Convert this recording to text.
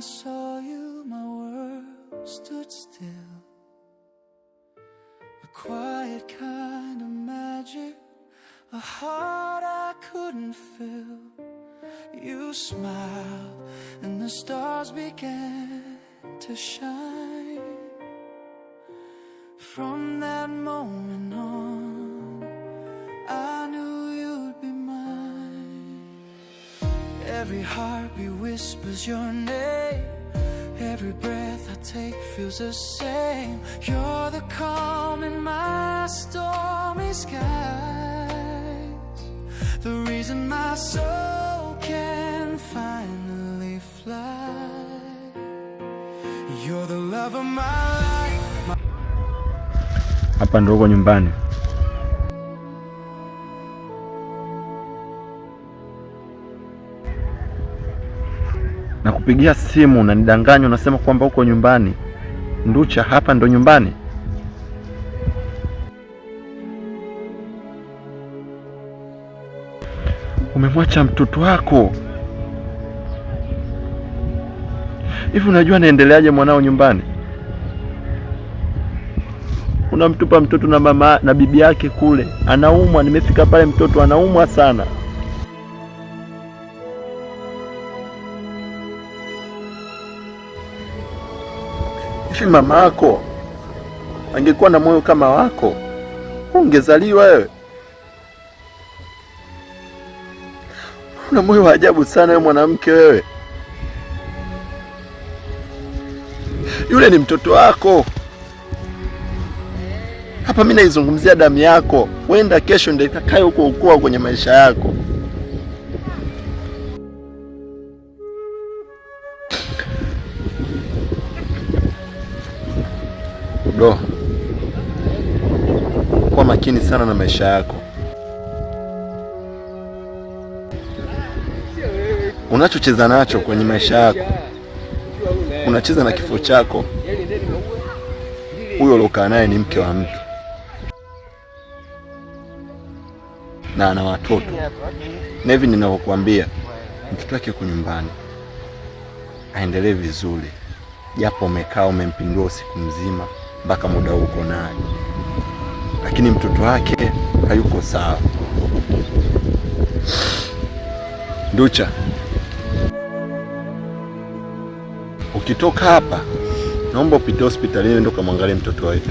I saw you, my world stood still. A quiet kind of magic, a heart I couldn't fill. You smiled, and the stars began to shine. From that moment on. Every heartbeat whispers your name. Every breath I take feels the same. You're the calm in my stormy skies. The reason my soul can finally fly. You're the love of my life. Hapa ndo nyumbani. na kupigia simu na nidanganya, unasema kwamba uko nyumbani. Nducha, hapa ndo nyumbani? Umemwacha mtoto wako hivi, unajua naendeleaje mwanao nyumbani? Unamtupa mtoto na mama na bibi yake kule, anaumwa. Nimefika pale, mtoto anaumwa sana. Hivi mama yako angekuwa na moyo kama wako, ungezaliwa wewe? Una moyo wa ajabu sana wewe, mwanamke wewe. Yule ni mtoto wako. Hapa mimi naizungumzia damu yako, wenda kesho ndio itakayokuokoa kwenye maisha yako. Bro, kuwa makini sana na maisha yako. Unachocheza nacho kwenye maisha yako, unacheza na kifo chako. Huyo uliokaa naye ni mke wa mtu na ana watoto, na hivi ninavyokuambia, mtoto wake yuko nyumbani, aendelee vizuri, japo umekaa umempindua usiku mzima mpaka muda uko naye, lakini mtoto wake hayuko sawa. Nducha, ukitoka hapa, naomba upite hospitalini ndo kamwangalie mtoto wetu.